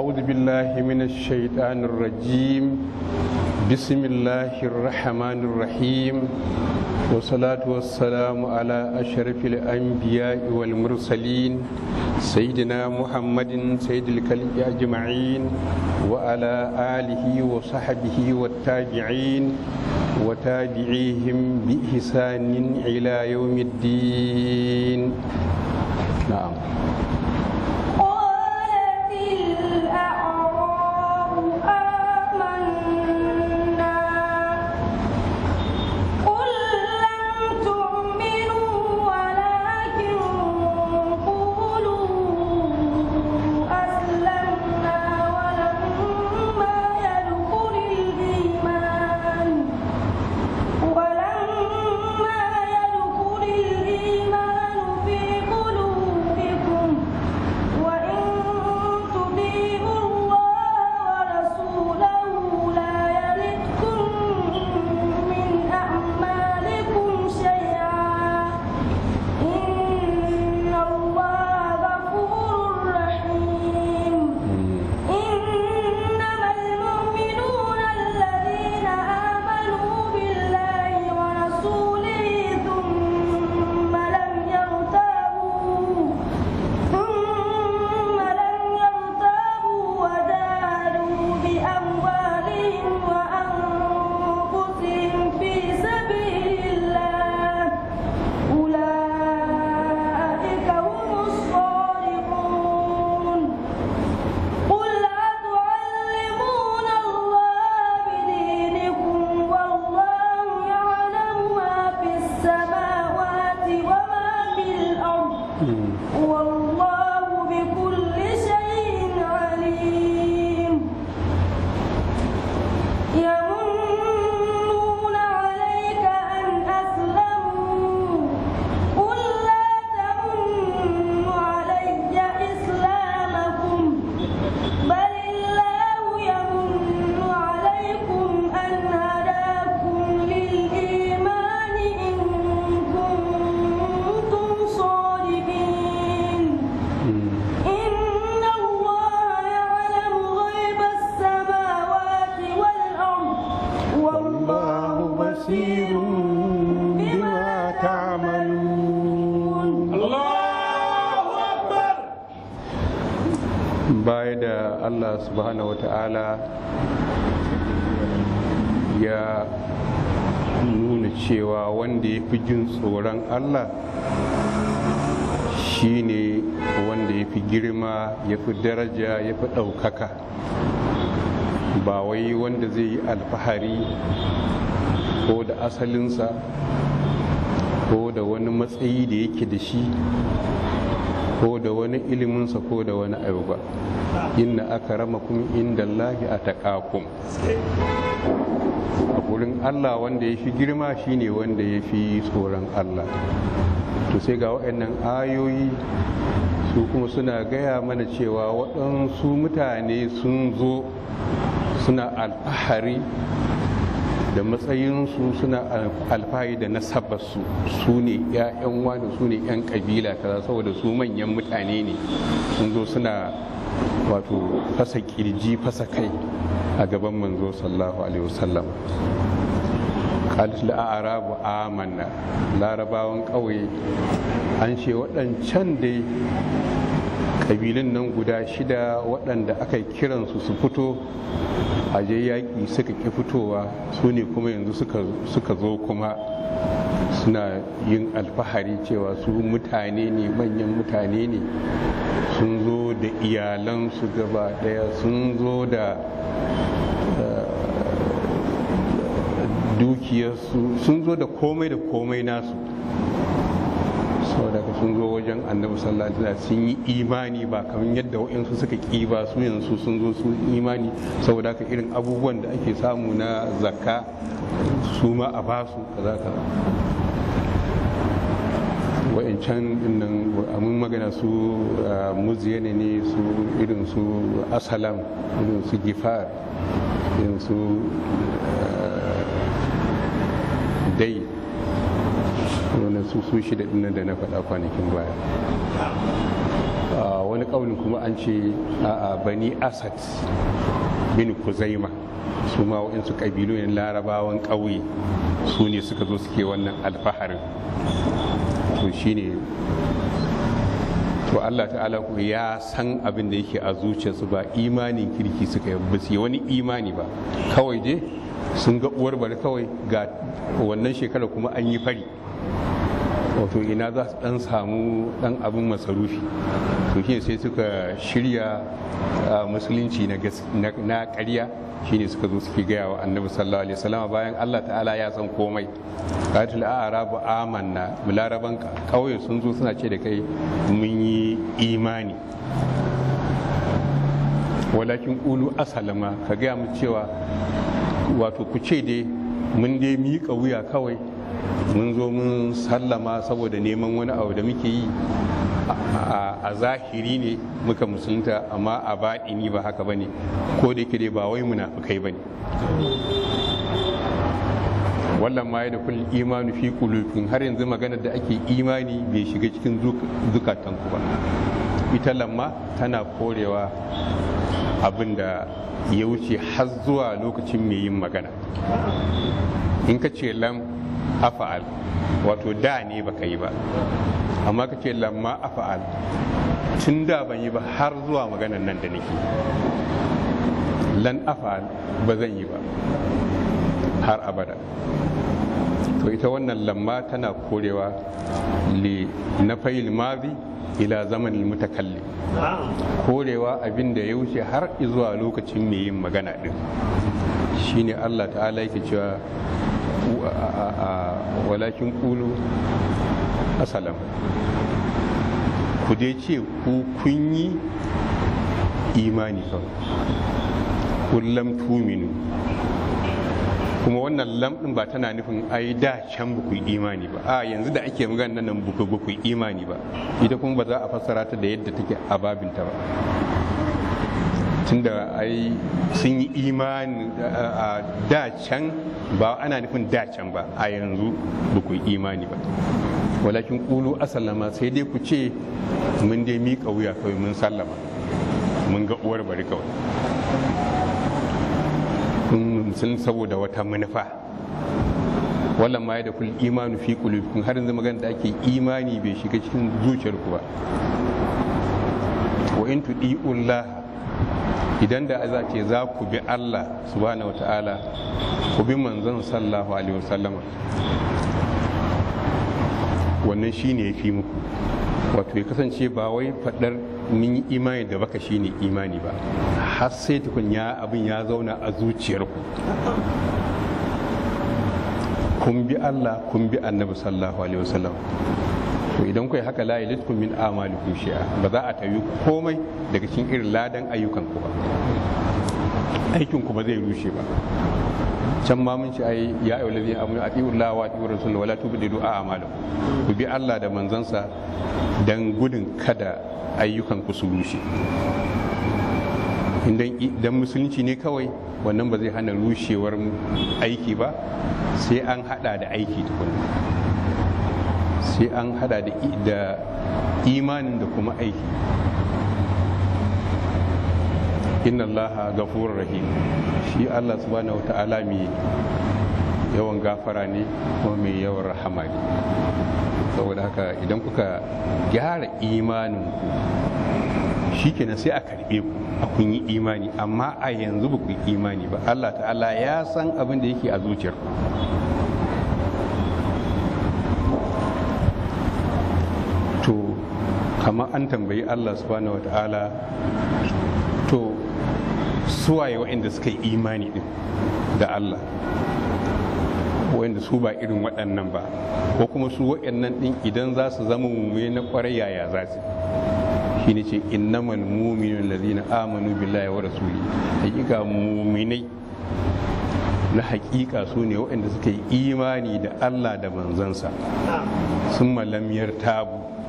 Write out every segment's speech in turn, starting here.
أعوذ بالله من الشيطان الرجيم بسم الله الرحمن الرحيم والصلاة والسلام على أشرف الأنبياء والمرسلين سيدنا محمد سيد الكلب أجمعين وعلى آله وصحبه والتابعين وتابعيهم بإحسان إلى يوم الدين نعم fi jin tsoron allah shine wanda ya fi girma ya fi daraja ya fi ɗaukaka ba wai wanda zai yi alfahari ko da asalinsa ko da wani matsayi da yake da shi ko da wani iliminsa ko da wani ayuba ba inna aka rama kuma inda lahi a a gurin allah wanda ya fi girma shine wanda ya fi tsoron allah to sai ga waɗannan ayoyi su kuma suna gaya mana cewa waɗansu mutane sun zo suna alfahari da matsayinsu suna alfahari da nasabarsu su ne 'ya'yan wani su ne 'yan kabila kaza saboda su manyan mutane ne sun zo suna wato fasa kirji fasa kai a gaban manzo sallallahu alaihi wasallam qalat arabu amanna larabawan ƙauye an ce waɗancan dai ƙabilun nan guda shida waɗanda aka kiransu su fito a yaƙi suka ƙi fitowa su ne kuma yanzu suka zo kuma suna yin alfahari cewa su mutane ne manyan mutane ne sun zo da iyalansu gaba daya sun zo da dukiyarsu sun zo da komai da komai nasu saboda sun zo wajen annabi sallallahu alaihi sun yi imani ba kamar yadda wa'insu suka ƙi ba su yanzu sun zo su imani saboda ka irin abubuwan da ake samu na zakka su ma a basu ka kaza wa'incan dinnan amin magana su muziyane ne su irin su asalam irin su gifar irin su dai wani su su shida dinnan da na faɗa kwanakin baya wani ƙaunin kuma an ce a bani asad bin kuzaima su ma waɗansu ƙabilu larabawan ƙauye su ne suka zo suke wannan alfaharin to shine to Allah ta'ala ku ya san abin da yake a zuciyarsu ba imanin kirki suka yi su wani imani ba kawai dai sun ga uwar bari kawai ga wannan shekarar kuma an yi fari wato ina za su dan samu dan abin masarufi to shi sai suka shirya musulunci na ƙarya shine suka zo suke gaya wa annabi sallallahu alaihi wasallam bayan Allah ta'ala ya san komai qatil a'rabu amanna mularaban kauye sun zo suna ce da kai mun yi imani walakin ulu asalama ka gaya mu cewa wato ku ce dai mun dai miƙa wuya kawai mun zo mun sallama saboda neman wani abu da muke yi a zahiri ne muka musulunta amma a baɗini ba haka ba ne ko da yake ba wai munafukai ba ne wallan ma da kullum imanu fi kulufin har yanzu maganar da ake imani bai shiga cikin zukatanku ba ita lamma tana korewa abin da ya wuce har zuwa lokacin mai yin magana in ka ce lam afa'al wato da ne baka yi ba amma ka ce lamma afa'al tun da ban yi ba har zuwa maganan nan da nake lan afa'al ba zan yi ba har abada to ita wannan lamma tana korewa li na fayil mazi ila zaman mutakalli korewa abin da ya wuce har zuwa lokacin mai yin magana din shine Allah ta'ala yake cewa walakin kulu asalam ku dai ce ku kun yi imani kullum tuminu kuma wannan lamɗin ba tana nufin ai da can buku imani ba a yanzu da ake magana nan buku buku imani ba ita kuma ba za a fassara ta da yadda take a babinta ba tunda ai sun yi imani a dacan ba ana nufin dacan ba a yanzu ba ku imani ba walakin kulu asalama sai dai ku ce mun dai miƙa wuya kawai mun sallama mun ga uwar bari kawai sun saboda wata manufa wallan ma da kul imanu fi kulubikun har yanzu magana da ake imani bai shiga cikin zuciyarku ba wa in tudi'ullah idan da za ce za ku bi Allah subhanahu ta'ala ku bi manzon sallahu alaihi wasallama wannan shi ne ya fi muku wato ya kasance ba wai faɗar nin imani da baka ne imani ba har sai tukun ya abin ya zauna a zuciyarku kun bi Allah kun bi annabi sallahu alaihi wasallam to idan kai haka la yalitkum min amalikum shi'a ba za a tayi komai daga cikin irin ladan ayyukan ku ba aikin ku ba zai rushe ba can ma mun ci ai ya ayu ladhi amanu atiu la wa atiu rasul wala tubdidu a'malakum ku bi Allah da manzansa dan gudun kada ayyukan ku su rushe idan musulunci ne kawai wannan ba zai hana rushewar aiki ba sai an hada da aiki tukuna sai an hada da imanin da kuma aiki inna allaha gafurur rahim shi allah subhanahu wa ta'ala mai yawan gafara ne kuma mai yawan rahama ne saboda haka idan kuka gyara imaninku shi kenan sai a karbe ku a kun yi imani amma a yanzu ba ku yi imani ba allah ta'ala ya san abin da yake a zuciyarku kamar an tambayi Allah subhanahu wata'ala to suwaye waɗanda suka yi imani din da Allah waɗanda su ba irin waɗannan ba ko kuma su waɗannan ɗin idan za su zama mummune na ƙwarai yaya za su shi ne ce innamal muminun lazina amanu billahi wa rasuli hakika muminai na hakika su ne waɗanda suka yi imani da Allah da manzansa sun malamiyar tabu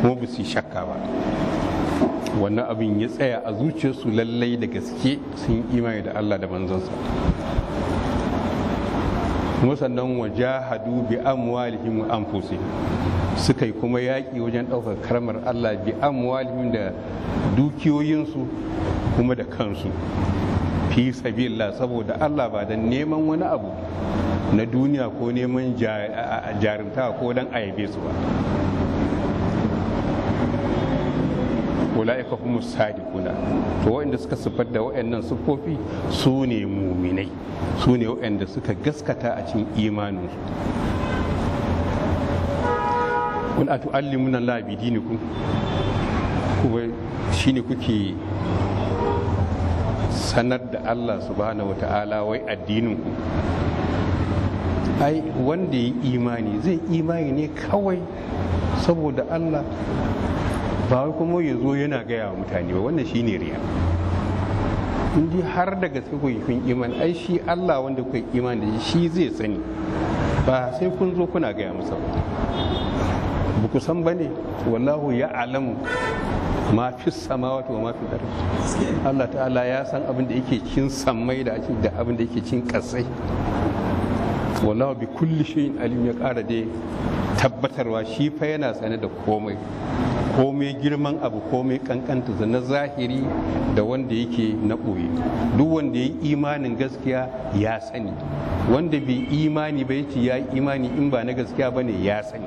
kuma ba su shakka ba wannan abin ya tsaya a zuciyarsu lallai da gaske sun imani da Allah da manzansa kuma sannan wajahadu bi amwalihim wa anfusihim suka yi kuma yaki wajen ɗaukar karmar Allah bi amwalihim da dukiyoyinsu kuma da kansu fi sabila saboda Allah ba don neman wani abu na duniya ko neman jarumta ko don ayabe su ba ulaika humus sadiquna to waɗanda suka sifar da waɗannan siffofi su ne muminai su ne waɗanda suka gaskata a cikin imanin kun atu'allimuna Allah bi dinikum kuma shine kuke sanar da Allah subhanahu wata'ala wai addinin ku ai wanda ya imani zai imani ne kawai saboda Allah ba kuma ya zo yana gaya wa mutane ba wannan shine riya in har da gaske ku kun iman ai shi Allah wanda ku iman da shi zai sani ba sai kun zo kuna gaya masa ba ku san bane wallahu ya alamu ma fi samawati wa ma fi Allah ta'ala ya san abin da yake cikin sammai da da abin da yake cikin kasai wallahu bi kulli shay'in alim ya kara dai tabbatarwa shi fa yana sane da komai komai girman abu komai kankanta da na zahiri da wanda yake na ɓoye duk wanda ya yi imanin gaskiya ya sani wanda bai imani ba yace ya imani in ba na gaskiya ba ne ya sani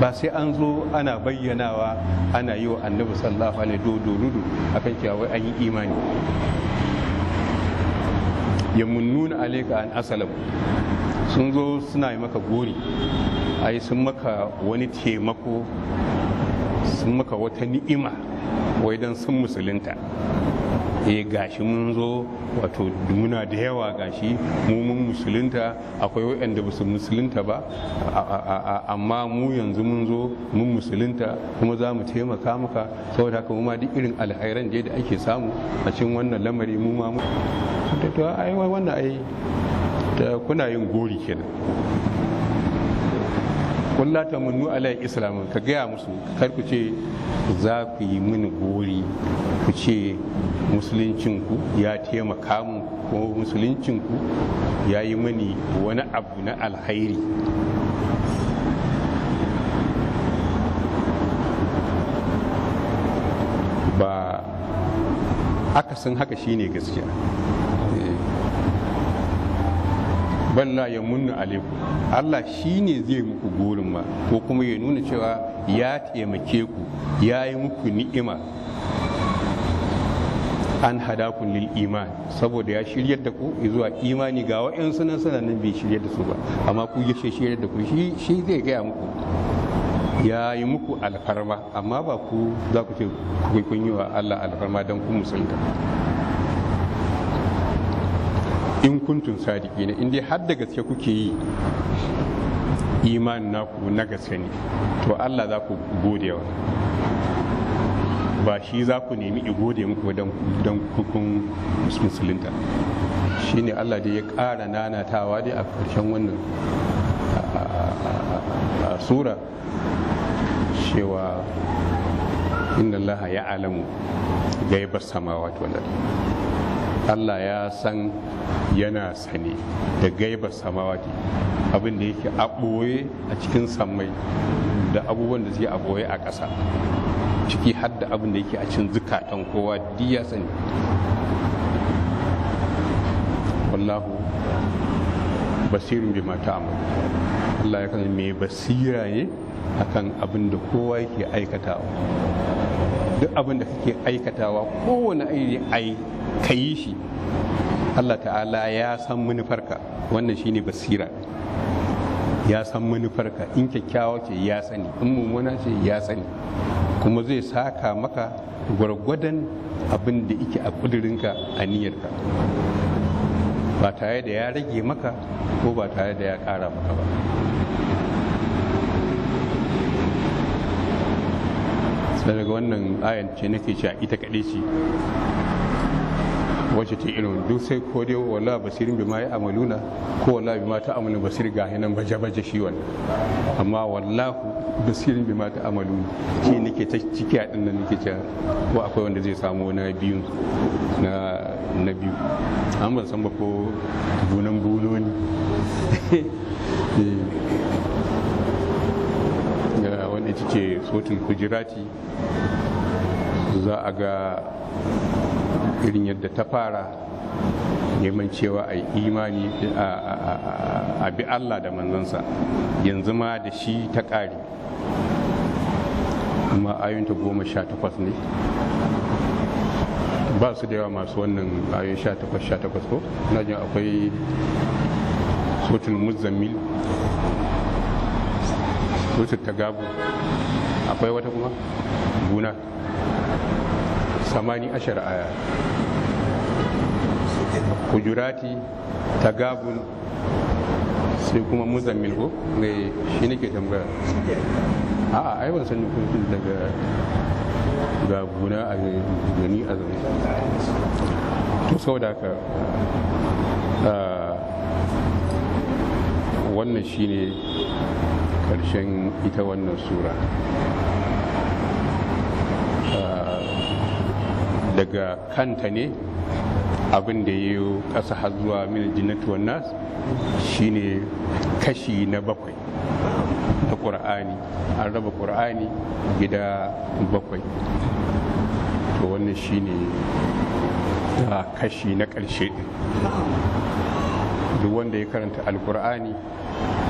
ba sai an zo ana bayyanawa ana yi wa annabi sallallahu alaihi dodorudu akan cewa an yi imani nuna alaika an asalam sun zo suna yi maka gori ai sun maka wani taimako sun maka wata ni'ima wai don sun musulunta e gashi mun zo wato muna da yawa gashi mu mun musulunta akwai waɗanda basu musulunta ba amma mu yanzu mun zo mun musulunta kuma za mu taimaka maka saboda haka mu ma duk irin alhairan da ake samu a cikin wannan lamari mu ma mu ai wannan ai kuna yin gori kenan kulla ta munnu alai islam ka gaya musu kar ku ce za ku yi mini gori ku ce musuluncinku ya taimaka mun ko musuluncinku ya yi mini wani abu na alhairi ba akasin haka shine gaskiya banna ya munna alaikum Allah shi ne zai muku gurin ma ko kuma ya nuna cewa ya taimake ku ya yi muku ni'ima an ku lil iman saboda ya shiryar da ku zuwa imani ga wa'in sunan sanannin bai shiryar da su ba amma ku ya shiryar da ku shi zai gaya muku ya yi muku alfarma amma ba ku za ku ce kun yi wa Allah alfarma don ku musulunta in kuntun sadiki in dai har da gaske kuke yi imanin naku na gaske ne to Allah za ku godewa ba shi za ku nemi i gode muku don kukun musulunta shi ne Allah dai ya ƙara nanatawa dai a ƙarshen wannan a sura cewa inna Allah ya alamu gaibar samawa wal Allah ya san yana sani da gaiba samawati abin da yake a ɓoye a cikin sammai da abubuwan da suke a a ƙasa ciki har da abin da yake a cikin zukatan kowa duk ya sani wallahu basirin bi mata Allah ya kan mai basira ne akan abin da kowa yake aikatawa duk abin da kake aikatawa kowane iri ai ka yi shi Allah ta'ala ya san manufarka wannan shine basira ya san manufarka in kyakkyawa ce ya sani in mummuna ce ya sani kuma zai saka maka gwargwadon abin da yake a kudurinka a niyyarka ba tare da ya rage maka ko ba tare da ya kara maka ba daga wannan ayance ce nake cewa ita kaɗai ce wacce ta irin duk sai ko dai wala basirin bi ma ya amaluna ko wala bi ma ta amalin basir ga hinan baje baje shi wannan amma wallahu basirin bi ma ta amaluna shi nake ta ciki a dinnan nake ta ko akwai wanda zai samu na biyu na na biyu an ban san ba ko bunan bulo ne eh, wanda take sotin kujirati za a ga irin yadda ta fara neman cewa a imani a bi Allah da manzansa yanzu ma da shi ta ƙare amma ayunta goma sha takwas ne ba su da yawa masu wannan ayoyi sha takwas sha takwas ko na jin akwai sotun muzammil sotun tagabu akwai wata kuma guna samani ashar aya hujurati tagabun sai kuma muzammil ko mai shi nake tambaya a ai ban sani kuntun daga ga a gani a zama to da haka wannan ne karshen ita wannan sura daga kanta ne abin da ya yi ƙasa har zuwa mil jinnatu nas ne kashi na bakwai na ƙur'ani an raba ƙur'ani gida bakwai to wannan shi ne ah, kashi na ƙarshe duk wanda ya karanta alƙura'ani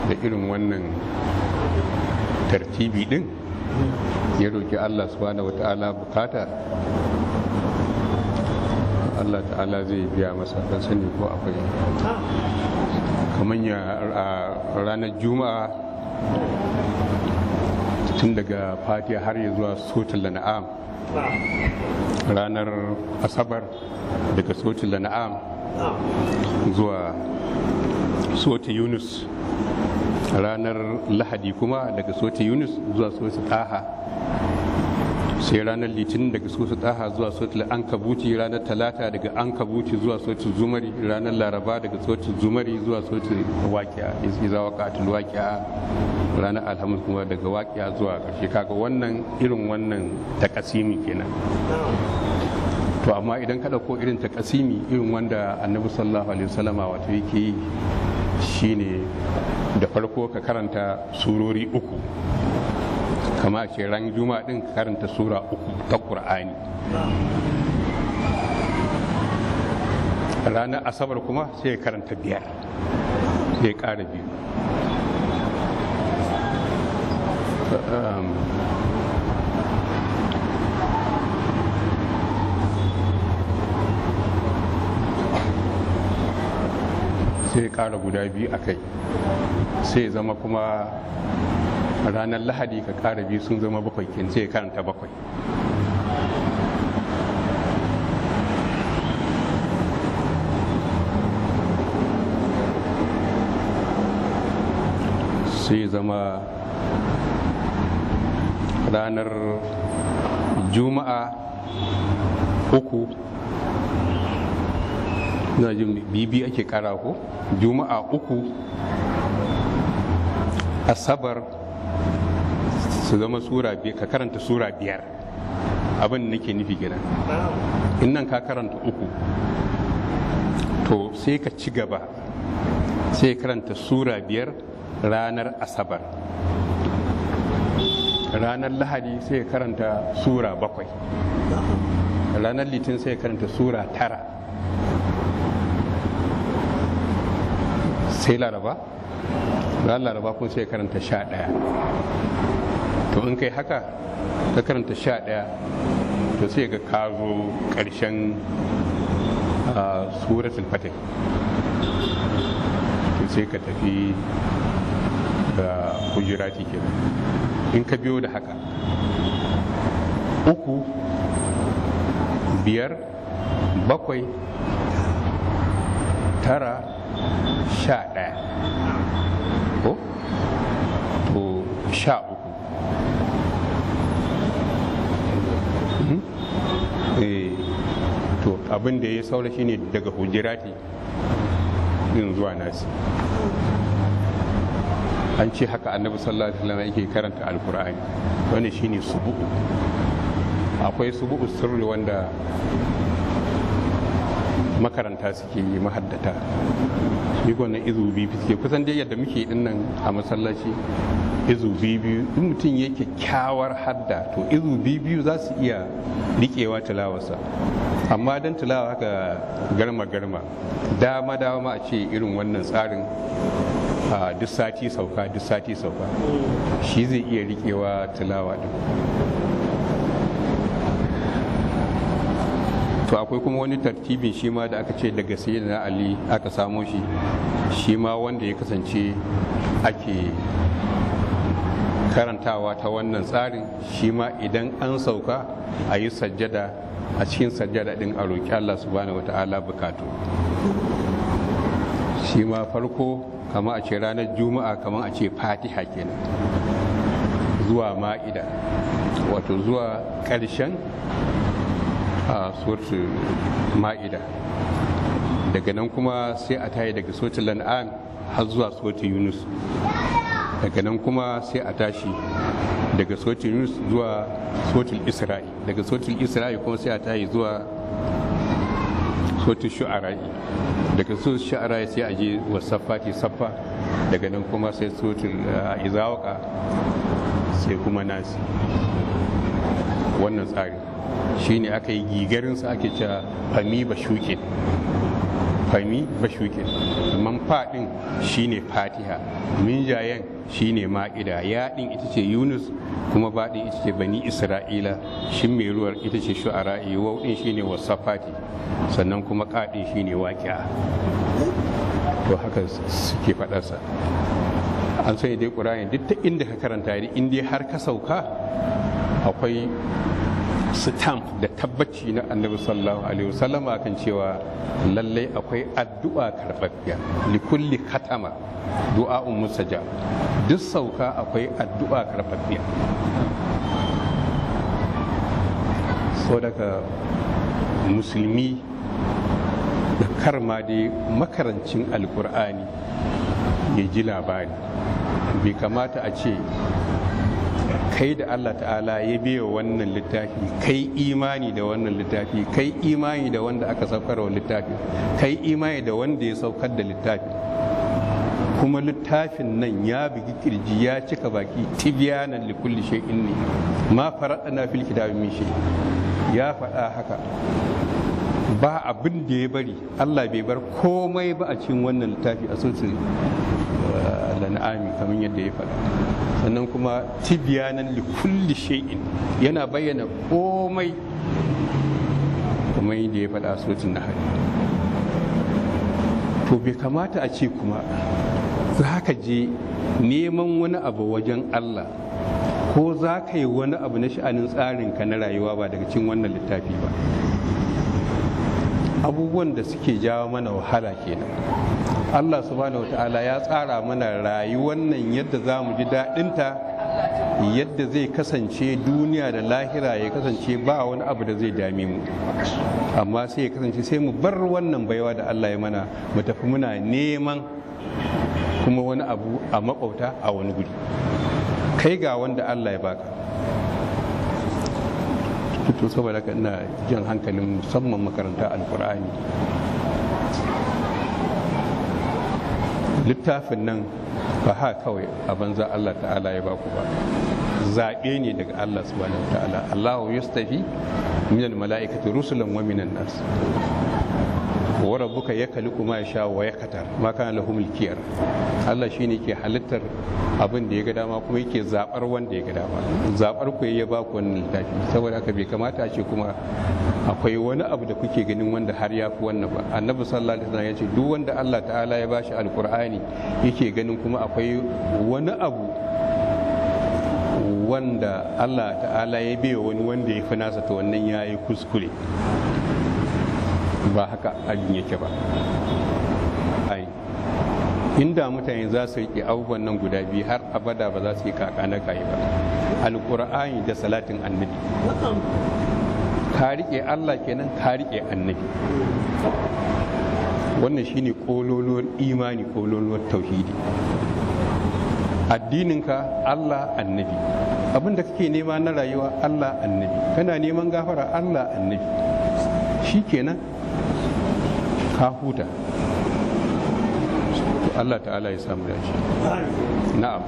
da irin wannan tartibi ɗin ya roƙi allah subhanahu ta'ala bukata Allah ta'ala zai biya masa don sani ko akwai kamar ya ranar juma'a tun daga fatiha har ya zuwa sotul na'am ranar asabar daga sotul na'am zuwa sotu yunus ranar lahadi kuma daga sotu yunus zuwa sotu taha sai ranar litinin daga sotu daha zuwa sotu kabuci ranar talata daga kabuci zuwa sotu zumari ranar laraba daga sotu zumari zuwa sotu waƙiya iza waƙatul wakiya ranar alhamis kuma daga wakiya zuwa karshe kaga wannan irin wannan takasimi kenan to amma idan ka dauko irin takasimi irin wanda annabi sallallahu alaihi wasallama wato yake shine da farko ka karanta surori uku kama ce ran juma'a din karanta sura uku ta qur'ani ranar asabar kuma sai karanta biyar sai kara ƙara biyu sai kara guda biyu a kai sai zama kuma ranar lahadi ka ƙara biyu sun zama bakwai kin sai karanta bakwai sai zama ranar juma'a uku na bibi ake kara ko juma'a uku asabar su zama sura biyar ka karanta sura biyar abin nake nufi gina in nan ka karanta uku to sai ka ci gaba sai karanta sura biyar ranar asabar ranar lahadi sai karanta sura bakwai ranar litin sai karanta sura tara sai laraba ranar laraba kun sai karanta sha daya to in kai haka ka karanta sha ɗaya to sai ga ka zo ƙarshen ah, suratul fatih to sai ka tafi ga hujurati kenan in ka biyo da haka uku biyar bakwai tara sha ɗaya ko sha abin da ya saura ne daga hujirati yin zuwa nasi an ce haka annabi sallallahu alaihi wasallam yake karanta alkur'ani wani shine subu'u akwai subu'u sirri wanda makaranta suke yi mahaddata shi gwanin izu biyu suke kusan dai yadda muke din nan a masallaci izu biyu in mutum ya kyakkyawar hadda to izu biyu za su iya riƙewa tilawarsa amma don tulawa haka garma garma dama dama a ce irin wannan tsarin a duk sati sauka duk sati sauka shi zai iya rikewa tulawa din to akwai kuma wani tartibin shi ma da aka ce daga na ali aka samo shi shi ma wanda ya kasance ake karantawa ta wannan tsarin shi ma idan an sauka a yi sajjada a cikin sajjada din a roƙi Allah subhanahu wata'ala bukatu shi ma farko kama a ce ranar juma'a kama a ce fatiha kenan zuwa ma'ida wato zuwa ƙarshen a surtu ma'ida daga nan kuma sai a tayi daga sautin lan'an har zuwa sautin yunus daga nan kuma sai a tashi daga sotin yunus zuwa sotin isra'i daga sotin isra'i kuma sai a tashi zuwa sotin shu'ara'i daga sotin shu'ara'i sai a je wa saffati saffa daga nan kuma sai sotil eh, izawaka sai kuma nasi wannan tsari Shi ne aka yi gigarinsa ake cewa fami ba shuke fami ba shuke faɗin shine fatiha minjayen shine ma'ida yaɗin ita ce yunus kuma baɗin ita ce bani isra'ila shin mai ruwar ita ce shu'ara'i wauɗin ne wasafati sannan kuma ƙaɗin ne waƙiya to haka suke faɗarsa an sanya dai ƙura'in duk ta inda ka karanta dai inda har ka sauka akwai stamp da tabbaci na annabi sallallahu alaihi wasallam kan cewa lallai akwai addu'a li kulli katama du'a'un musaja duk sauka akwai addu'a karbabbiya so daga musulmi da karma dai makarancin alkur'ani ya ji labari bai kamata a ce kai da Allah ta'ala ya biya wannan littafi kai imani da wannan littafi kai imani da wanda aka saukar wa littafi kai imani da wanda ya saukar da littafi kuma littafin nan ya bugi kirji ya cika baki tibiyanan li kulli shay'in ne ma faradna fil kitabi min shay ya faɗa haka ba abin da ya bari Allah bai bar komai ba a cikin wannan littafi a sulsul eh, lan'ami kamar yadda ya faɗa sannan kuma tibiyanan likulli shay'in yana bayyana komai kamar yadda ya faɗa a na hari. to bai kamata a ce kuma za ka je neman wani abu wajen Allah ko za ka yi wani abu na sha'anin tsarinka na rayuwa ba daga cin wannan littafi ba abubuwan da suke jawo mana wahala kenan Allah subhanahu wata'ala ya tsara mana rayuwar nan yadda za mu ji daɗinta yadda zai kasance duniya da lahira ya kasance ba wani abu da zai dame mu amma sai ya kasance sai mu bar wannan baiwa da Allah ya mana mu tafi muna neman kuma wani abu a makwauta a wani guri kai ga wanda Allah ya baka fito saboda haka ina jan hankalin musamman makaranta alkur'ani littafin nan ba ha kawai a banza Allah ta'ala ya baku ba zaɓe ne daga Allah subhanahu ta'ala Allahu yastafi min mala'ikata rusulan wa minan nas ya kali kuma ya sha wa yakatar ma kana lahu mulkiyar Allah shine ke halittar abin da ya ga dama kuma yake zabar wanda ya ga dama zabar ku ya ba ku wannan littafi saboda haka bai kamata a ce kuma akwai wani abu da kuke ganin wanda har ya fi wannan ba annabi sallallahu alaihi wasallam ya ce duk wanda Allah ta'ala ya bashi alqur'ani yake ganin kuma akwai wani abu wanda Allah ta'ala ya bai wani wanda ya fi nasa ta wannan ya yi kuskure ba haka abin yake ba ai inda mutane za su yi abubuwan nan guda biyu har abada ba za su yi kaka na kayi ba alƙur'ani da salatin annabi ka riƙe allah kenan ka riƙe annabi wannan shine kololuwar imani kololuwar tauhidi addininka allah annabi abin da kake nema na rayuwa allah annabi kana neman gafara allah annabi kenan ka huta Allah ta'ala ya samu dace na'am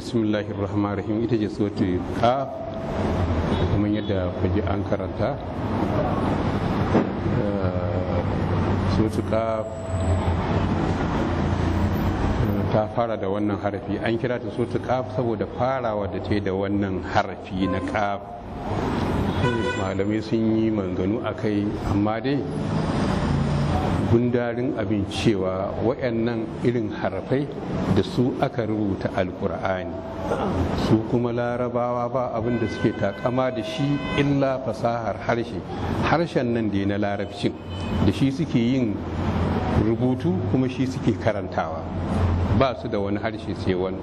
bismillahir rahmanir rahim ita ce suratu ka kuma yadda kwaji an karanta eh, suratu ka eh, ta fara da wannan harafi an kira ta suratu ka saboda farawa da ta da wannan harafi na kaf malamai sun yi manganu a kai amma dai gundarin abin cewa wayannan irin harafai da su aka rubuta alkur'ani su kuma larabawa ba abin da suke takama da shi illa fasahar harshe harshen nan da na larabcin da shi suke yin rubutu kuma shi suke karantawa ba su da wani harshe sai wani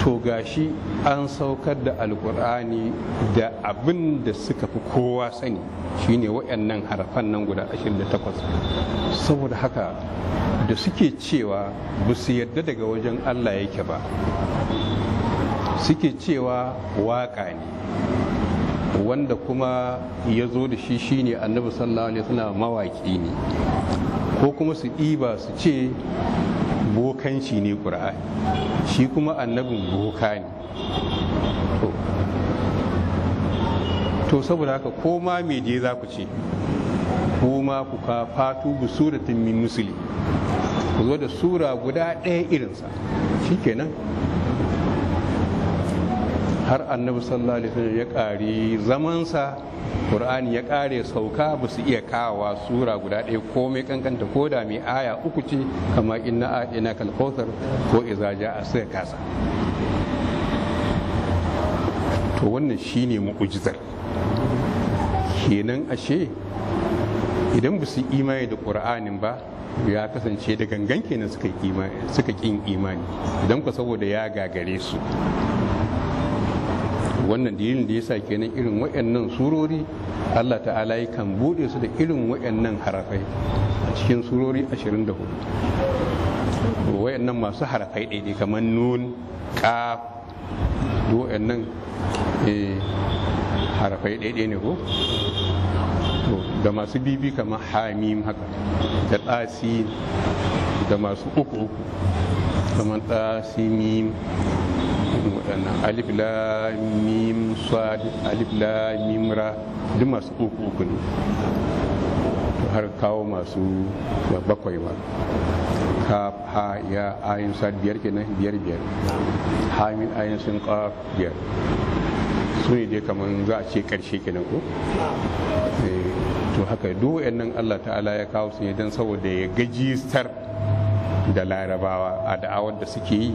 to gashi an saukar da alkur'ani da abin da suka fi kowa sani shine waɗannan harafan nan guda 28 saboda haka da suke cewa ba su yarda daga wajen allah yake ba suke cewa waƙa ne wanda kuma ya zo da shi shine annabi sallallahu alaihi wasallam mawaƙi ne ko kuma su ɗiba su ce bokanci ne ƙura'ani shi kuma annabin boka ne to saboda haka ko ma me je za ku ce ko ma ku ka fatu bu suratin min musuli ku zo da sura guda ɗaya irinsa shi nan. har annabi sallallahu alaihi wasallam ya ƙari zamansa ƙur'ani ya ƙare sauka ba su iya kawawa sura guda ɗaya ko mai kankanta ko da mai aya uku ce kama inna a ina kalkautar ko izaja a sai kasa to wannan shi ne mu'ujizar kenan ashe idan ba su imani da ƙur'anin ba ya kasance da gangan kenan suka ƙin imani idan ku saboda ya gagare su wannan dalilin da yasa kenan irin wa'annan surori Allah ta'ala kan bude su da irin wa'annan harafai a cikin surori 24 wa'annan masu harafai daidai kamar nun ka wayannan eh harafai daidai ne ko da masu bibi kamar hamim haka da tsasi da masu uku uku kamar mim. irin waɗannan alif la mim sad alif la mim ra duk masu uku uku ne har kawo masu bakwai ba kaf ha ya ayin sad biyar kenan biyar biyar hamil ayin sun kaf biyar su ne dai kamar za a ce karshe kenan ko eh, to haka duk waɗannan Allah ta'ala ya kawo su ne don saboda ya gajistar da larabawa a da'awar da suke yi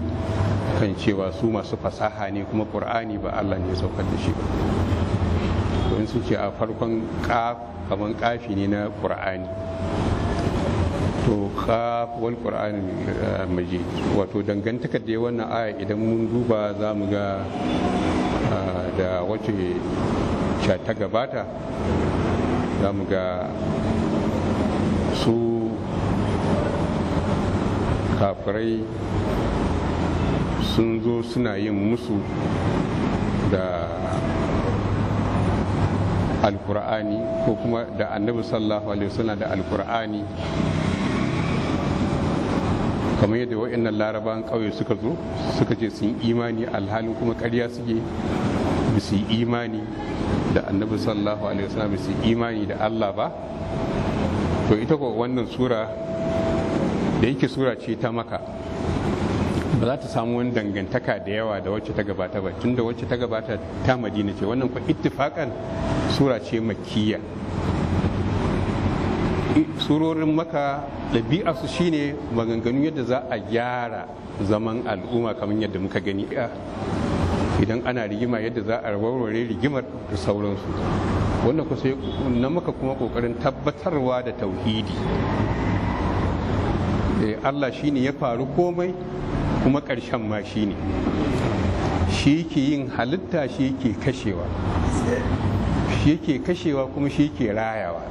kan cewa su masu fasaha ne kuma ƙur'ani ba allah ne ya saukar da shi ba domin sun ce a farkon kamar ƙafi ne na ƙur'ani to ƙaf wal ƙur'ani eh, majid wato dangantaka da wannan aya idan mun duba za mu ga eh, da wace ta gabata za mu ga su kafirai sun zo suna yin musu da alkur'ani ko kuma da annabi sallallahu alaihi wasallam da alkur'ani kamar yadda wa'annan larabawan ƙauye suka zo suka ce sun imani alhalin kuma ƙarya suke bisu imani da annabi sallallahu alaihi wasallam bisu imani da allah ba to ita ko wannan sura da yake sura ce ta maka ba za ta samu wani dangantaka da yawa da wacce ta gabata ba tun da wacce ta gabata ta madina ce wannan kwa ittifakan sura ce makiyya surorin maka shi shine maganganu yadda za a gyara zaman al'umma kamar yadda muka gani idan ana rigima yadda za a warware rigimar da sauransu wannan kusa na maka kuma kokarin tabbatarwa da tauhidi Eh, Allah shi ne ya faru komai kuma ƙarshen ma shi ne. shi ke yin halitta shi ke kashewa shi ke kashewa kuma shi ke rayawa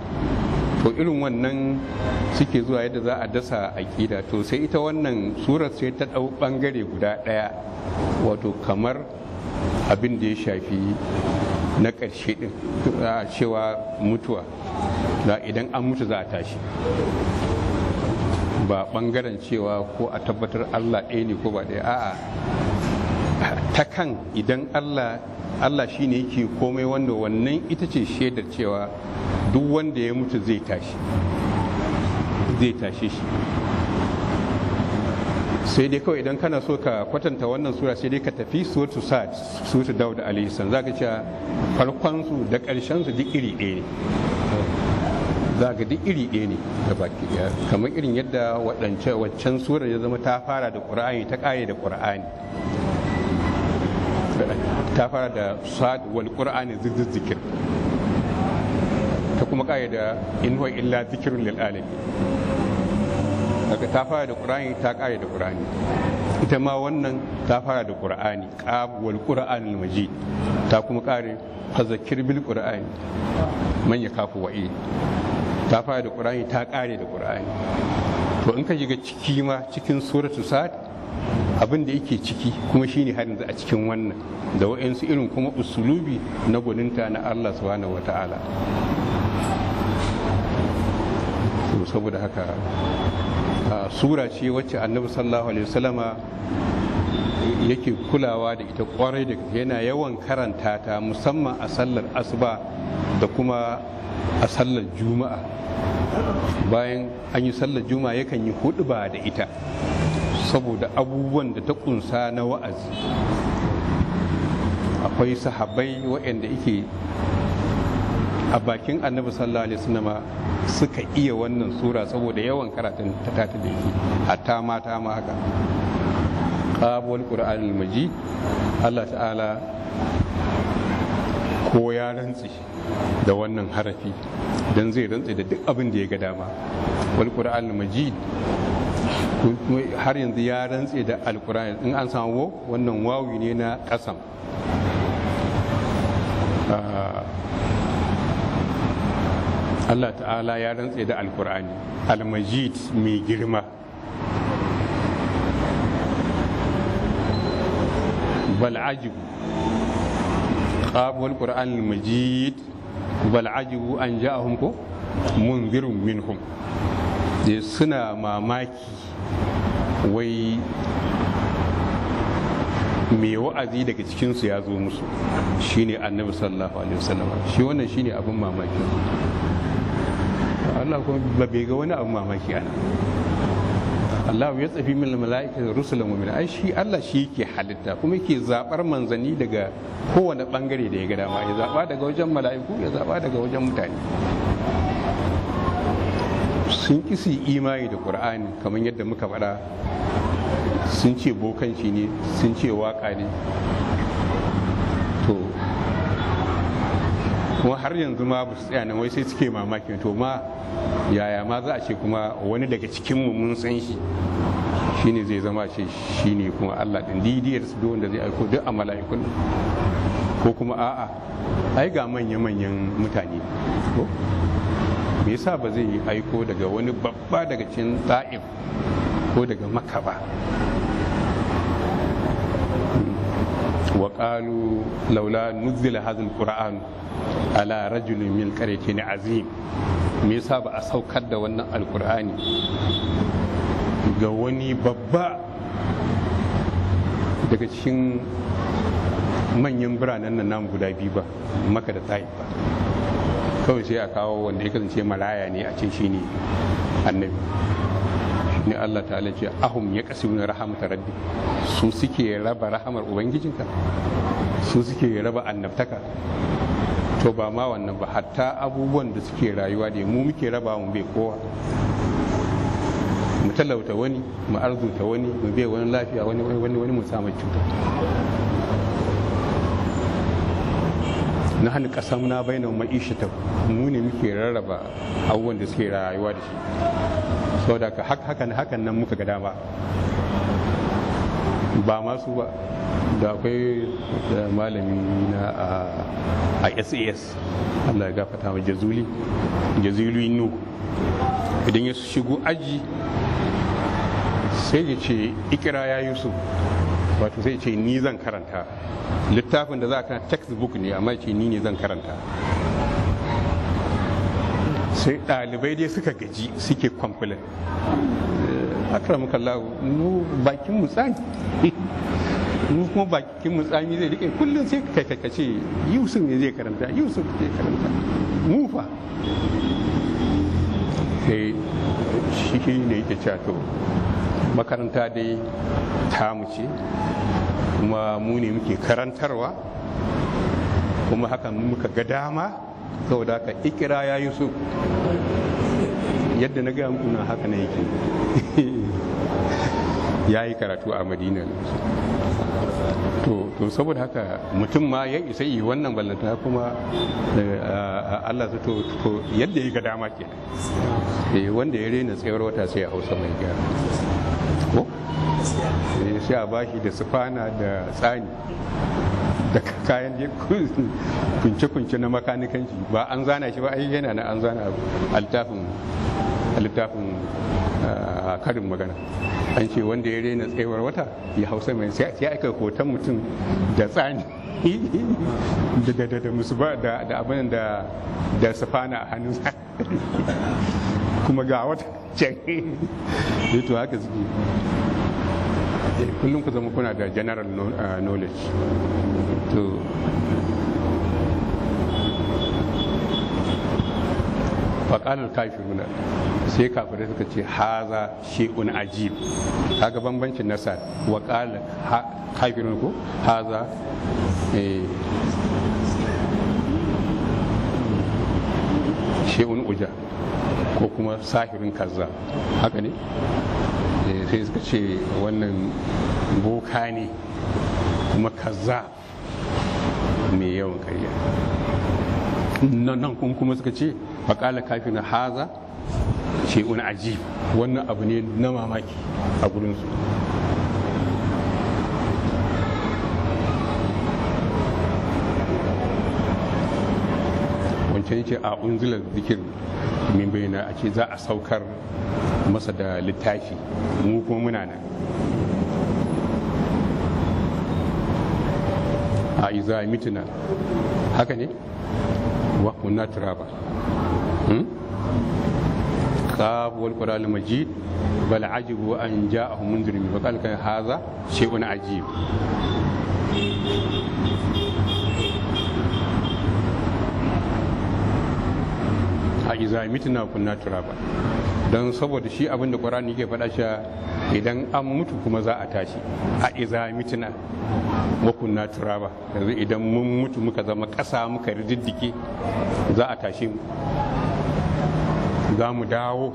to irin wannan suke zuwa yadda za a dasa aƙida to sai ita wannan surar sai ta ɗau ɓangare guda ɗaya wato kamar abin da ya shafi na ƙarshe ɗin cewa mutuwa idan an mutu za a tashi ba bangaren cewa ko a tabbatar Allah ɗaya ne ko ba ɗaya a'a ta kan idan Allah Allah shi ne yake komai wanda wannan ita ce shaidar cewa duk wanda ya mutu zai tashi zai tashe shi sai dai kawai idan kana so ka kwatanta wannan sura sai dai ka tafi suratu sa'ad suratu dawud alaihi salam zaka cewa farkon su da ƙarshen su duk iri ɗaya ne za ga duk iri ɗaya ne da baki ɗaya kamar irin yadda waɗancan waccan surar ya zama ta fara da ƙur'ani ta ƙaye da ƙur'ani ta fara da sa'ad wal ƙur'ani zikir ta kuma ƙaye da in huwa illa zikirun lil daga ta fara da ƙur'ani ta ƙaye da ƙur'ani ita ma wannan ta fara da ƙur'ani wal ƙura'ani maji ta kuma ƙare zakir bil ƙur'ani man ya kafu wa'i ta fara da ƙur'ani ta ƙare da ƙur'ani to in ka shiga ciki ma cikin suratu sa'ad abin da yake ciki kuma shine har yanzu a cikin wannan da wa'ansu irin kuma usulubi na gwaninta na Allah subhanahu wata'ala saboda haka sura ce wacce annabi sallallahu alaihi wasallama yake kulawa da ita kwarai da yana yawan karanta ta musamman a sallar asuba da kuma a sallar juma'a bayan an yi sallar juma'a yakan yi hudu ba da ita saboda abubuwan da ta kunsa na wa'azi akwai sahabai waɗanda ike a bakin annabi sallallahu alaihi wasallam suka iya wannan sura saboda yawan karatun ta ta da yake hatta mata ma haka sabuwar ƙur'ani maji allah ta'ala ko ya rantsi da wannan harafi don zai rantsi da duk abin da ya ga dama wal al majid har yanzu ya rantse da alkur'ani in an samu wannan wawi ne na kasam ah, Allah ta'ala ya rantse da Al-majid mai girma bal ajibu qabul qur'an al majid bal ajibu an ja'ahum ko munzirun minhum da suna mamaki wai mai wa'azi daga cikinsu ya zo musu shine annabi sallallahu alaihi wasallam shi wannan shine abin mamaki Allah kuma ba bai ga wani abin mamaki ana Allah ya tsafi min mala'ika rusulan wa ai shi Allah shi yake halitta kuma yake zabar manzani daga kowane bangare da ya ga dama ya zaba daga wajen mala'iku ya zaba daga wajen mutane sun kisi imani da Qur'ani kamar yadda muka faɗa sun ce bokanci ne sun ce waka ne kuma har yanzu ma ba su tsaya nan wai sai suke mamakin to ma yaya ma za a ce kuma wani daga cikin mu mun san shi shine zai zama ce shine kuma Allah ɗin didiyar su wanda zai aiko duk a mala'ikun ko kuma a'a ai ga manya-manyan mutane me yasa ba zai aiko daga wani babba daga cikin ta'if ko daga maka ba وقالوا لولا نزل هذا القران على رجل من قريتين عظيم me yasa ba a saukar da wannan alqur'ani ga wani babba daga cikin manyan biranen nan namu guda biyu ba maka da ta'ib ba kawai sai a kawo wanda ya kasance malaya ne a ce shi ne annabi Ni Allah ta ce ahum ya kasi wani rahamta rabbi su suke raba rahamar ubangijinka su suke raba annabtaka to ba ma wannan ba hatta abubuwan da suke rayuwa da mu muke raba mu bai kowa mu talauta wani mu arzuta wani mu bai wani lafiya wani wani wani mu samu cuta na hannu ƙasa na bai na ma'ishita mu ne muke rarraba abubuwan da suke rayuwa da shi saboda ka hakan hakan nan muka ga dama ba masu ba da akwai malami na a sas allah ya gafata mai jazuli jazuli nu idan ya shigo aji sai ya ce ikira ya yusuf wato sai ce ni zan karanta littafin da za a karanta textbook ne amma ce ni ne zan karanta sai ɗalibai dai suka gaji suke kwamfilin eh, akramakallahu mu bakin Mutsani, mu kuma bakin Mutsani zai rike kullum sai kai kai kace Yusuf ne zai karanta Yusuf zai karanta mu fa sai shi ne yake cewa to makaranta dai tamu ce kuma mu ne muke karantarwa kuma hakan muka ga dama saboda haka ikira ya yi su yadda na gaya muku na haka na yake ya yi karatu a madina to saboda haka mutum ma ya isa yi wannan ballanta kuma eh, Allah su to yadda ya ga dama ke eh, wanda ya rena tsayar wata sai a hausa mai gyara ko eh, sai a bashi da sufana da tsani da kayan kunce-kunce na makanikanci ba an zana shi ba ai yana na an zana a littafin ah, karin magana an ce wanda ya rena tsayuwar wata ya hausa mai sai aka hoton mutum da tsani da musu ba da abin da sufana a hannun kuma ga wata can eh, to haka suke eh, kullum ku zama kuna da general uh, knowledge to faƙalar kafiruna sai kafirai suka ce haza shi'un ajib kaga bambancin nasa wa ƙala kafirun ko haza eh, shi'un uja ko kuma sahirin kaza haka ne eh, sai suka ce wannan boka ne kuma kaza mai yawan karya nan kuma suka ce kafi kafin haza ce wani aji. wannan abu ne na mamaki a gurinsu wancan yake a unzilar zikir min bayyana a ce za a saukar masa da littafi mu kuma muna nan a iza mituna haka ne wa kunna turaba الكتاب والقرآن المجيد بل عجبوا أن جاءهم منذر فقال كان هذا شيء عجيب a iza mituna kunna turaba don saboda shi abin da qur'ani yake faɗa shi idan an mutu kuma za a tashi a iza mituna wa kunna turaba yanzu idan mun mutu muka zama ƙasa muka riddike za a tashi mu za mu dawo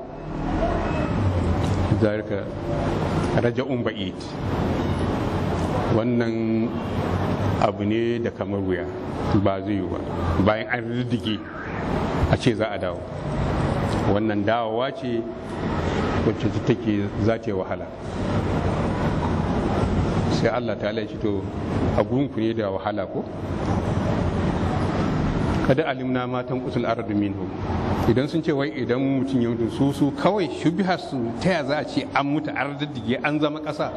zarika raja'un ba'id wannan abu ne da kamar wuya ba zai yi ba bayan an riddige a ce za a dawo wannan dawowa ce wacce ta take za ta yi wahala sai allah ta ce to a gunku ne da wahala ko kada alimna matan kusur aradu minhu idan sun ce wai idan mutum ya mutu su su kawai biya su ta ya za a ce an mutu ardadige an zama kasa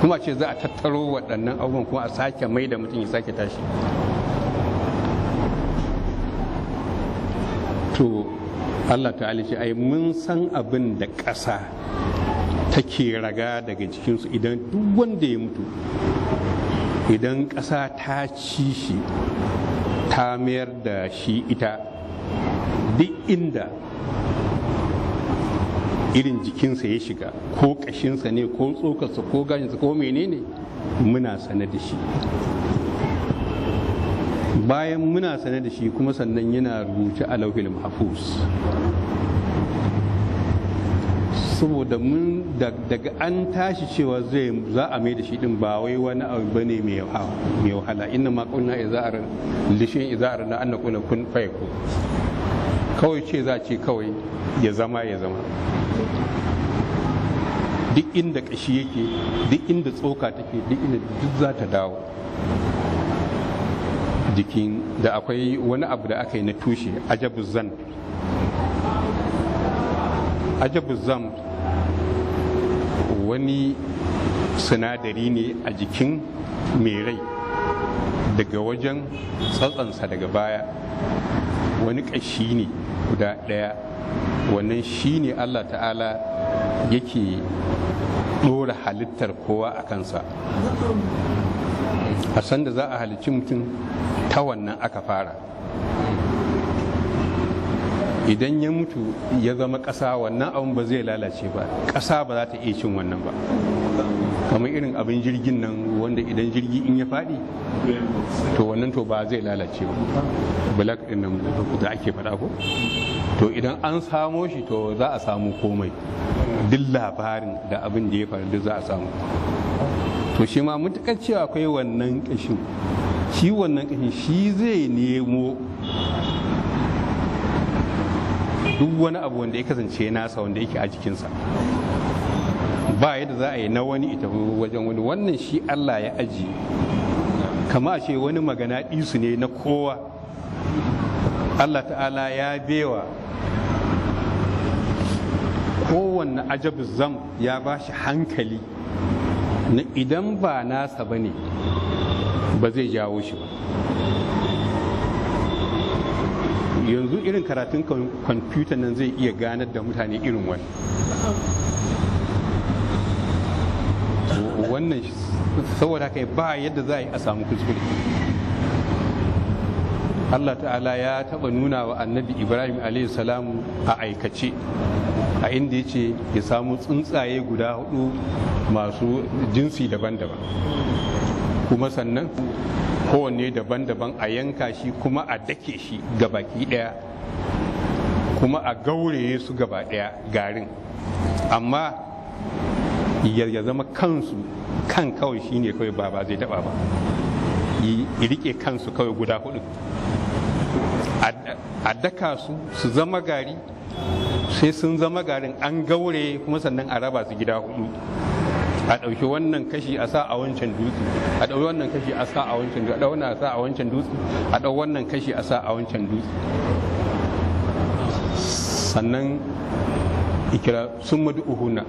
kuma ce za a tattaro waɗannan abubuwan kuma a sake mai da mutum ya sake tashi to Allah ta alishi ai mun san abin da ƙasa take raga daga jikinsu idan duk wanda ya mutu idan ƙasa ta ci shi ta mayar da shi ita duk inda irin jikinsa ya shiga ko ƙashinsa ne ko tsokarsa ko gashinsa ko menene muna sane da shi bayan muna sane da shi kuma sannan yana rubuce a lauhil mahfuz saboda mun daga an tashi cewa zai za a mai da shi din ba wai wani abu bane mai wahala inna ma kunna izar lishin izar na anna kunna kun faiku kawai ce za ce kawai ya zama ya zama duk inda kashi yake duk inda tsoka take duk inda duk za ta dawo jikin da akwai wani abu da aka yi na tushe ajabu zan ajabu zan wani sinadari ne a jikin mai rai daga wajen tsatsansa daga baya wani ƙashi ne guda ɗaya wannan shi ne allah ta'ala yake ɗora halittar kowa a kansa a sanda za a halicci mutum ta wannan aka fara idan ya mutu ya zama ƙasa wannan abin ba zai lalace ba ƙasa ba za ta iya cin wannan ba kamar irin abin jirgin nan wanda idan jirgi in ya faɗi to wannan to ba zai lalace ba black din nan da ake faɗa ko to idan an samo shi to za a samu komai duk labarin da abin da ya faru duk za a samu to shi ma mutukar cewa akwai wannan ƙashin shi wannan kashin shi zai nemo duk wani abu wanda ya kasance nasa wanda yake a jikinsa ba yadda za a yi na wani ita wajen wani wannan shi Allah ya aji kama ce wani magana ɗisu ne na kowa Allah ta'ala ya bewa kowanne ajabu zam ya ba shi hankali na idan ba nasa ba ne ba zai jawo shi ba yanzu irin karatun kwamfuta nan zai iya ganar da mutane irin wani wannan saboda kai ba yadda za a yi a samu kuskure Allah ta'ala ya taɓa nuna wa annabi Ibrahim salamu a aikace a inda ya ce ya samu tsuntsaye guda hudu masu jinsi daban-daban kuma sannan kowanne daban-daban a yanka shi kuma a dake shi ga baki ɗaya kuma a gauraye su gaba ɗaya garin amma ya zama kansu kan kawai shi ne kawai ba ba zai taɓa ba rike kansu kawai guda hudu a daka su su zama gari sai sun zama garin an gauraye kuma sannan a raba su gida hudu a ɗauki wannan kashi a sa a wancan dutse a ɗauki wannan kashi a sa a wancan dutse a ɗauki wannan a sa a wancan dutse a ɗauki wannan kashi a sa a wancan dutse sannan ikira sun madu uhuna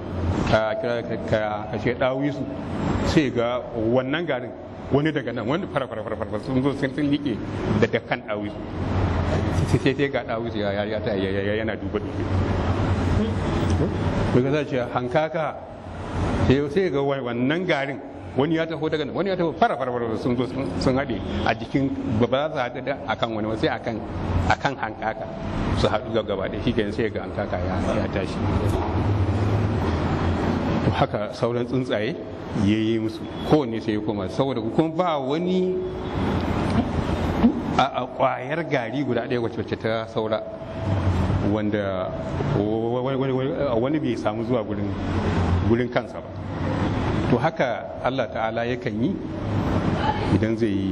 ka kira ka ce su sai ga wannan garin wani daga nan wani fara fara fara sun zo sun sun liƙe da dakan Su sai sai ga dawisu ya ya ta yana duba duba bai ka ce hankaka yau sai ga wannan garin wani ya taho daga wani ya taho fara fara fara sun zo sun haɗe a jikin ba za su haɗu da akan wani sai akan akan hankaka su haɗu ga gaba da shi kenan sai ga hankaka ya tashi to haka sauran tsuntsaye ya yi musu kowanne sai ya koma saboda kuma ba wani a kwayar gari guda ɗaya wacce ta saura wanda wani bai samu zuwa gurin gurin kansa ba to haka Allah ta'ala ya kan yi idan zai yi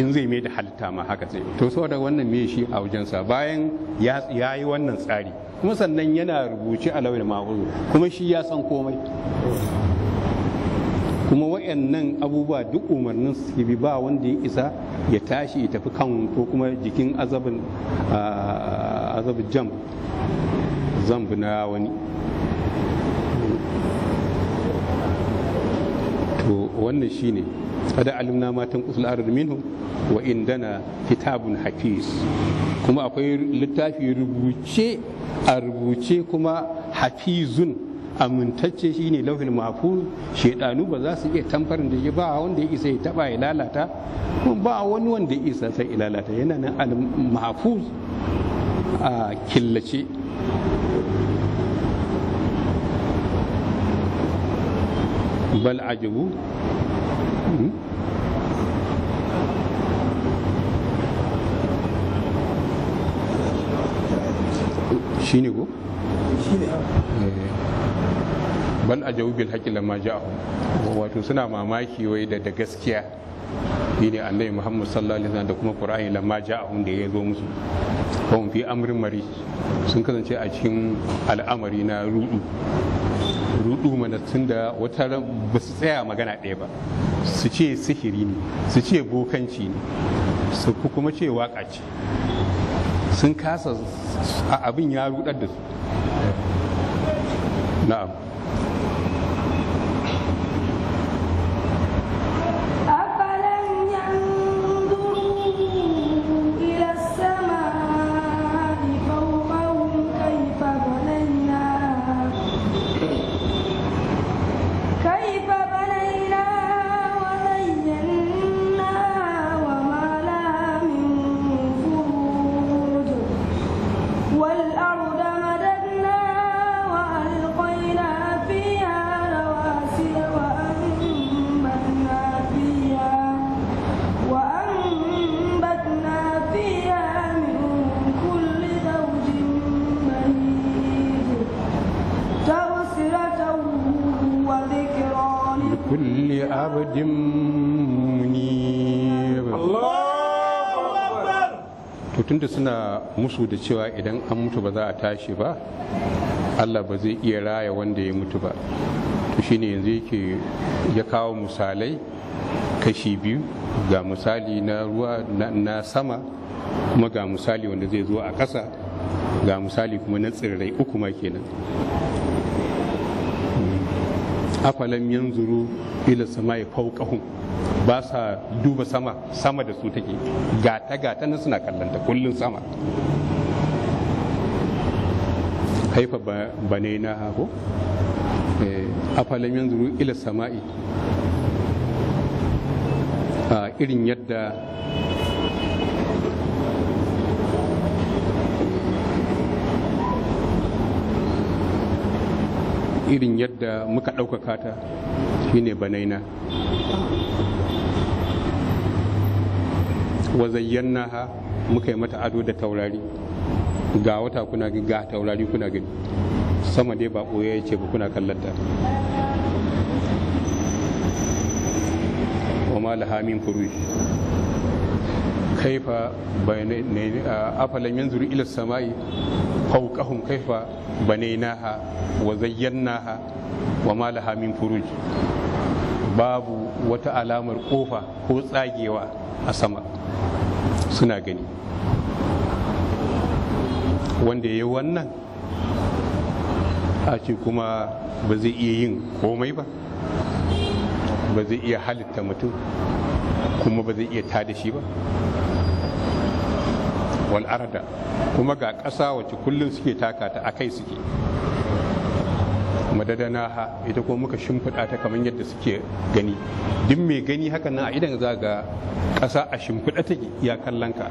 in zai mai da halitta ma haka zai to da wannan mai shi a wajensa bayan ya yi wannan tsari kuma sannan yana rubuce a lauyar ma'uru kuma shi ya san komai kuma wayannan abubuwa duk umarnin su bi ba wanda ya isa ya tashi ya tafi kan ko kuma jikin azabin ah, azabin jam zamb na wani to wannan shine kada alimna matan kusul arad minhum wa indana kitabun hafiz kuma akwai littafi rubuce a rubuce kuma hafizun amintacce shine lauhin mafu shaidanu ba za su iya tamfarin da shi ba wanda ya isa ya taba ya lalata kuma ba wani wanda ya isa sai ya lalata yana nan al mafu a killace bal ajabu hmm? shine ne ko? Ah. Eh. bal ajabu bil haƙi lamma ja'ahu wato suna mamaki wai da gaskiya shine ne annabi muhammad sallallahu alaihi wasallam da kuma qur'ani lamma ja'ahum da ya zo musu kawun fi amrin mari sun kasance a cikin al'amari na rudu rudu mana tun da wata ba su tsaya magana ɗaya ba su ce sihiri ne su ce bokanci ne su kuma ce waka ce sun kasa abin ya rudar da su na'am musu da cewa idan an mutu ba za a tashi ba allah ba zai iya raya wanda ya mutu ba to shine yanzu yake ya kawo misalai kashi biyu ga misali na ruwa na sama kuma ga misali wanda zai zo a kasa, ga misali kuma na tsirrai uku ma kenan afalam yanzuru ila ya fauƙahun ba sa duba sama sama da su take gata gata na suna kallanta kullum sama kaifa bane na A eh, falon yanzu ila sama'i a irin yadda irin yadda muka ɗaukaka ta shine banaina wa zayyana muka yi mata ado da taurari ga wata kuna ga taurari kuna gani sama dai ba ɓoye ya ce ba kuna kallata wa ma lahamin furuj kaifa afalan yanzu ila samai fawqahum kaifa banaynaha wa naha, wa ma laha min furuj babu wata alamar kofa ko tsagewa a sama suna gani wanda ya yi wannan a ce kuma ba zai iya yin komai ba ba zai iya halitta mutum kuma ba zai iya tada shi ba wal kuma ga ƙasa wacce kullum suke taka ta kai suke madadana ha ita kuma muka shimfiɗa ta kamar yadda suke gani duk mai gani haka nan a idan za ga ƙasa a shimfiɗa take ya kallon ka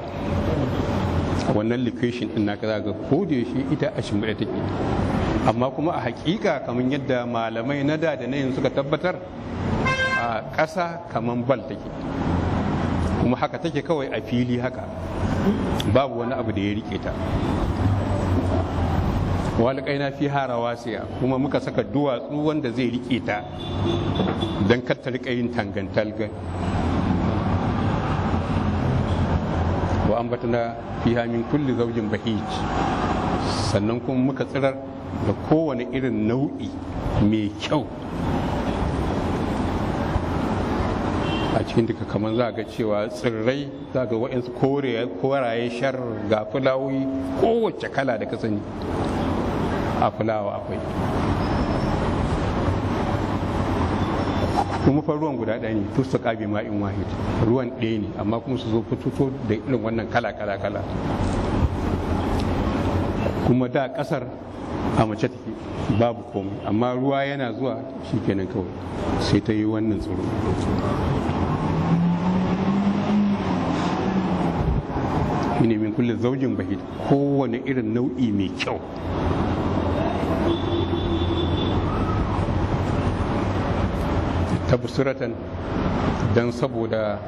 wannan location din naka zaka ga ko da yaushe ita a shimbiɗe take amma kuma a hakika kamar yadda malamai na da da na yanzu suka tabbatar a ƙasa kamar bal take kuma haka take kawai a fili haka babu wani abu da ya rike ta na fi harawa siya kuma muka saka duwatsu wanda zai rike ta don ta rika yin tangantalgan wa ambatna fiha min kulli zawjin bahij sannan kuma muka tsirar da kowane irin nau'i mai kyau a cikin duka kamar za ga cewa tsirrai za ga wa'insu koraye shar ga fulawoyi kowace kala da ka sani a fulawa akwai kuma fa ruwan guda ɗaya ne tusta ƙabi ma'in wahid ruwan ɗaya ne amma kuma su zo fito da irin wannan kala kala kala kuma da ƙasar a mace take babu komai amma ruwa yana zuwa kenan kawai sai ta yi wannan tsoro shine min kulle zaujin bahid kowane irin nau'i mai kyau tabsuratan don saboda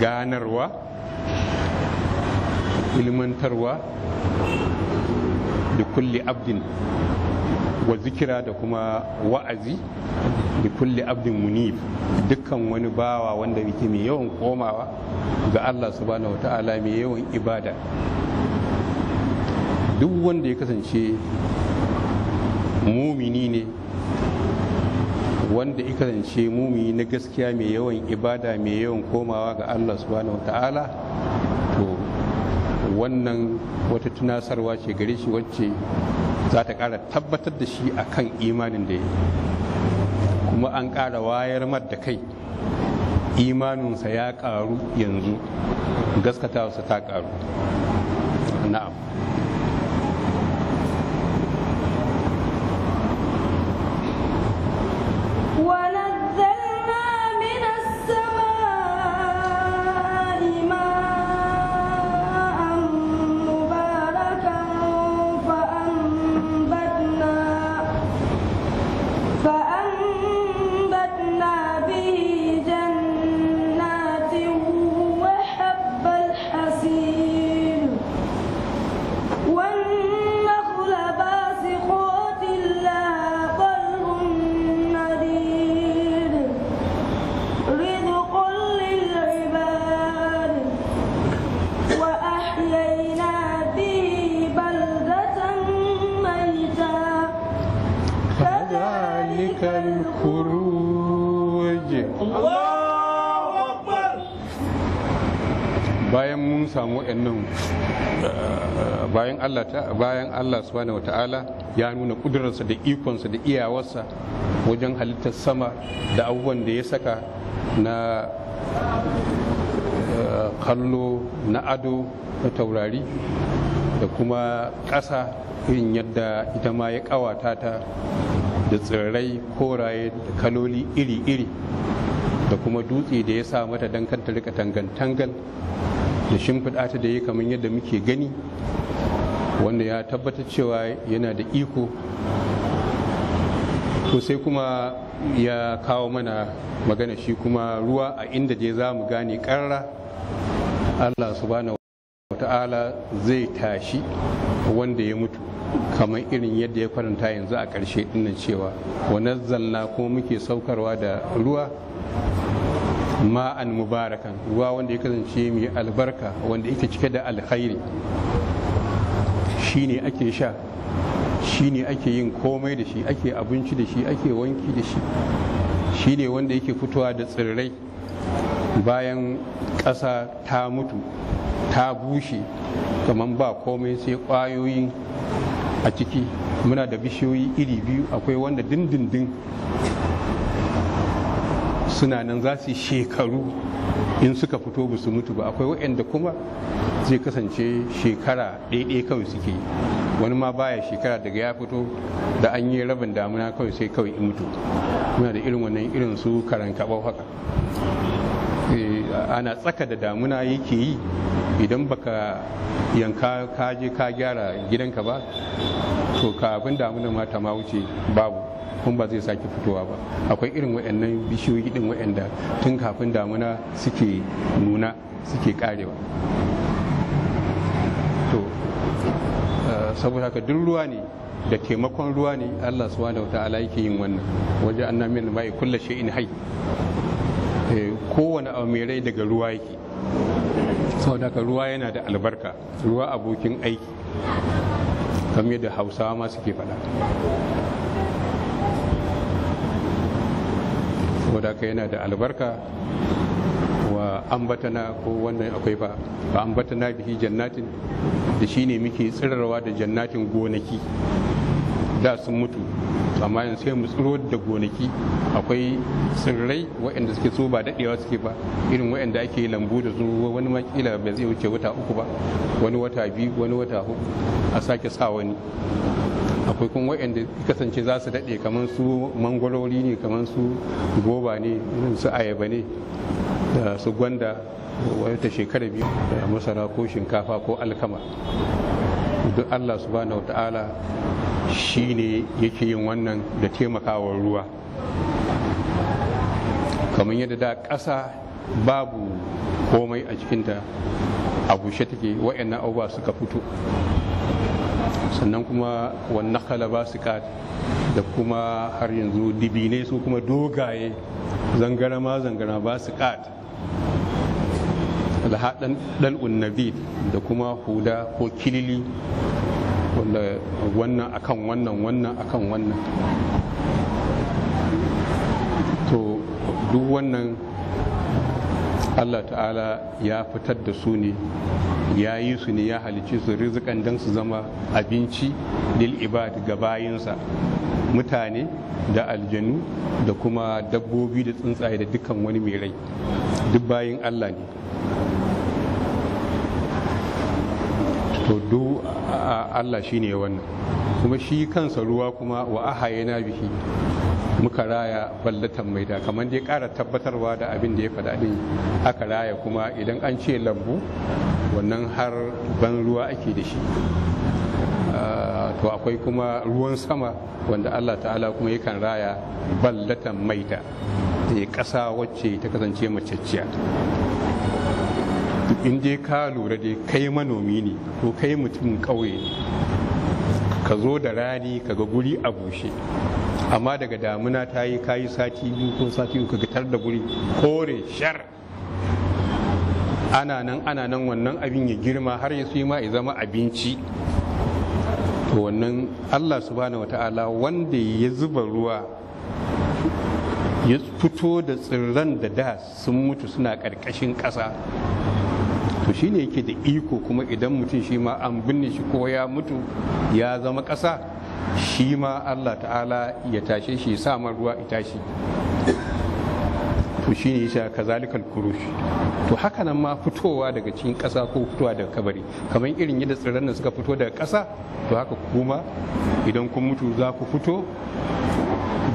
ganarwa ilmantarwa da kulli abdin wa zikira da kuma wa'azi da kulli abdin munif dukkan wani bawa wanda yake mai yawan komawa ga Allah subhanahu wata'ala mai yawan ibada duk wanda ya kasance mumini ne wanda zance mumi na gaskiya mai yawan ibada mai yawan komawa ga Allah subhanahu ta'ala to wannan wata tunasarwa ce gare shi wacce za ta ƙara tabbatar da shi a kan imanin da ya kuma an ƙara wayar mar da kai imaninsa ya ƙaru yanzu gaskatawarsa ta ƙaru na'am samu wa'annan eh, bayan Allah bayan Allah subhanahu wata'ala ya nuna kudurarsa da ikonsa da iyawarsa wajen halittar sama da abubuwan da ya saka na eh, kallo na ado na taurari da kuma ƙasa irin yadda ita ma ya ƙawata ta da tsirrai koraye da kaloli iri-iri da kuma dutse da ya sa mata don kanta rika tangantangal da shimfiɗa ta da ya kamar yadda muke gani wanda ya tabbatar cewa yana da iko to sai kuma ya kawo mana magana shi kuma ruwa a inda je za mu gane ƙarra allah subhanahu wata'ala zai tashi wanda ya mutu kamar irin yadda ya faranta yanzu a ƙarshe dinnan cewa wa nazzalna kuma muke saukarwa da ruwa ma'an mubarakan ruwa wanda ya kasance mai albarka wanda ita cike da alkhairi shine ake sha shine ake yin komai da shi ake abinci da shi ake wanki da shi shine wanda yake fitowa da tsirrai bayan ƙasa ta mutu ta bushe kamar ba komai sai ƙwayoyi a ciki muna da bishiyoyi iri biyu akwai wanda dindindin suna nan za su shekaru in suka fito ba su mutu ba akwai waɗanda kuma zai kasance shekara ɗaiɗai kawai suke wani ma baya shekara daga ya fito da an yi rabin damuna kawai sai kawai in mutu muna da irin wannan irin su karan kaɓau haka eh, ana tsaka da damuna yake yi idan baka yanka kaje ka gyara gidanka ba to kafin damuna ma ta ma wuce babu kuma ba zai sake fitowa ba akwai irin waɗannan bishiyoyi din waɗanda tun kafin damuna suke nuna suke karewa to eh, saboda haka duk ruwa ne da taimakon ruwa ne Allah subhanahu wa ta'ala yake yin wannan waje an namin mai kulla in hai eh, kowane abu mai rai daga ruwa yake saboda haka ruwa yana da albarka ruwa abokin aiki kamar yadda hausawa ma suke faɗa wadaka yana da albarka wa ambatana ko wannan akwai ba ba ambatana bihi jannatin da shine muke tsirarwa da jannatin gonaki da sun mutu amma yanzu sai mu tsiro da gonaki akwai tsirrai waɗanda suke so ba daɗewa suke ba irin waɗanda ake lambu da su wani makila kila ba zai wuce wata uku ba wani wata biyu wani wata hudu a sake sa wani akwai kuma waɗanda kasance za su daɗe kamar su mangwaloli ne kamar su goba ne su ayaba ne da su gwanda wata shekara biyu da masara ko shinkafa ko alkama duk allah subhanahu ta'ala shi ne yake yin wannan da taimakawar ruwa kamar yadda da ƙasa babu komai a cikinta a bushe take wa'annan abubuwa suka fito sannan kuma wannan kalaba sikat da kuma har yanzu dibine su kuma dogaye zangara ma zangara ba sikat da haɗin ɗal'un da kuma huda ko kilili wanda wannan akan wannan wannan akan wannan to duk wannan allah ta'ala ya fitar da su ne ya yi su ne ya halicci su rizikan don su zama abinci lil ibad ga bayansa, mutane da aljanu da kuma dabbobi da tsuntsaye da dukkan wani mai rai duk bayin Allah ne to do Allah shi ne wannan kuma shi kansa ruwa kuma wa yana bihi muka raya ballatan mai da kamar dai ƙara tabbatarwa da abin da ya faɗa ɗin aka raya kuma idan an ce lambu wannan har ban ruwa ake da shi ah, to akwai kuma ruwan sama wanda allah ta'ala kuma yakan raya ballatan maita da eh, ƙasa wacce ta kasance macecciya in dai ka lura dai kai manomi ne ko kai mutum ƙauye ne ka zo da rani ka ga guri a bushe amma daga damuna ta yi kayi sati biyu ko sati uku gitar da guri kore shar ana nan ana nan wannan abin ya girma har ya su ma ya zama abinci to wannan allah subhanahu wata'ala wanda ya zuba ruwa ya fito da tsirran da da sun mutu suna ƙarƙashin ƙasa to shine yake da iko kuma idan mutum shi ma an binne shi ko ya mutu ya zama ƙasa shi ma Allah ta'ala ya tashe shi sa ruwa ya tashi to shi ne ya kazalikal kurush to haka nan ma fitowa daga cikin ƙasa ko fitowa daga kabari kamar irin yadda tsirran da suka fito daga ƙasa to haka kuma idan kun mutu za ku fito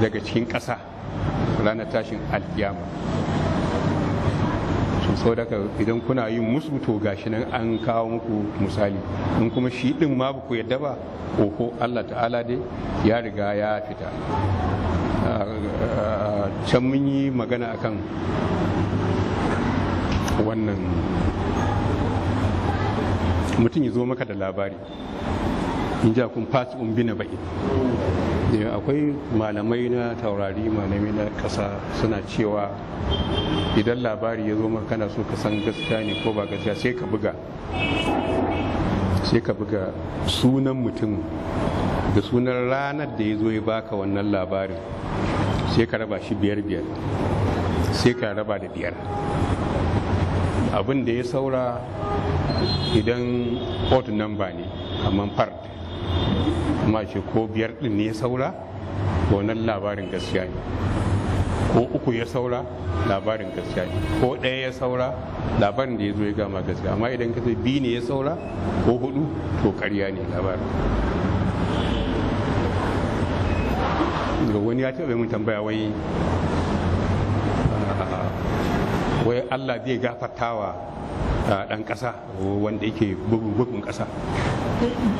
daga cikin ƙasa ranar tashin alkiyama so idan kuna yin musu to gashi nan an kawo muku misali in kuma shi din ma ba ku yadda ba ko Allah ta'ala dai ya riga ya fita ah, can mun yi magana akan wannan mutum ya zo maka da labari in ja kun fasu umbina ba'i akwai malamai na taurari malamai na kasa suna cewa idan labari ya zo kana so ka san gaskiya ne ko ba gaskiya sai ka buga sai ka buga sunan mutum da sunan ranar da ya zo ya baka wannan labarin sai ka raba shi biyar biyar sai ka raba da biyar abin da ya saura idan odd number ne amma part kuma ce ko biyar din ne ya saura wannan labarin gaskiya ne ko uku ya saura labarin gaskiya ne ko ɗaya ya saura labarin da ya zo ya gama gaskiya amma idan ka sai biyu ne ya saura ko hudu to ƙarya ne labarin ga wani ya taɓa mun tambaya wai wai Allah zai gafartawa dan kasa wanda yake bugun kasa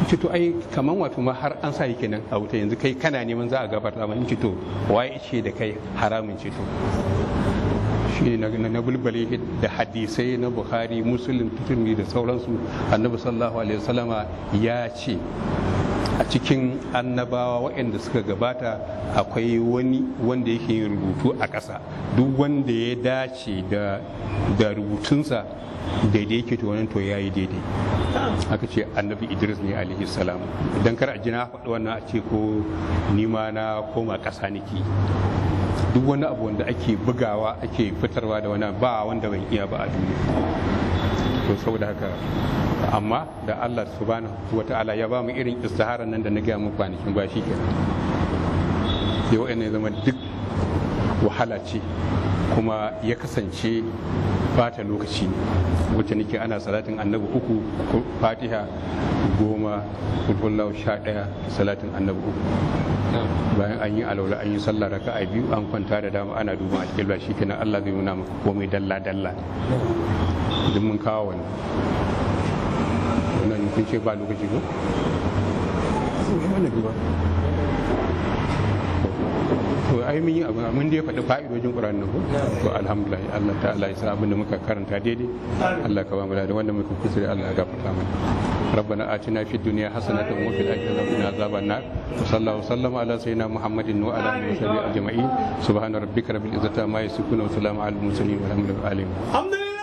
cito ai kaman wato ma har an sa yake nan a wuta yanzu kai kana neman za a gafarta ma in cito waye ce da kai haramun cito shi ne na bulbale da hadisai na bukhari musulun tutumi da sauransu annabi sallallahu alaihi wasallama ya ce a cikin annabawa waɗanda suka gabata akwai wani wanda yake yin rubutu a ƙasa duk wanda ya dace da rubutunsa daidai yake to wannan to yayi daidai aka ce annabi idris ne alaihi salam idan kar a jina faɗi wannan a ce ko nima na koma ƙasa niki duk wani abu wanda ake bugawa ake fitarwa da wani ba wanda bai iya ba a duniya to saboda haka amma da Allah subhanahu wata'ala ya ba mu irin istiharar nan da na gaya muku kwanakin ba shi kenan yau ne zama duk wahala ce kuma ya kasance bata lokaci wacce nake ana salatin annabi uku fatiha goma kulkullahu sha ɗaya salatin annabi uku bayan an yi alaula an yi sallah raka a biyu an kwanta da dama ana duba a cikin shi kenan allah zai nuna maka komai dalla dalla idan mun kawo wani wannan kun ce ba lokaci ko? to ai mun yi abu mun dai faɗi fa'idojin Qur'an nan to alhamdulillah Allah ta ta'ala ya sa mun da muka karanta daidai Allah ka ba mu da wanda muka kusure Allah ya gafarta mana rabbana atina fid dunya hasanatan wa fil akhirati hasanatan wa qina nar sallallahu sallama ala sayyidina muhammadin wa ala alihi wa sahbihi ajma'in subhana rabbika rabbil izzati amma yasifun wa salamun alal mursalin walhamdulillahi alamin alhamdulillah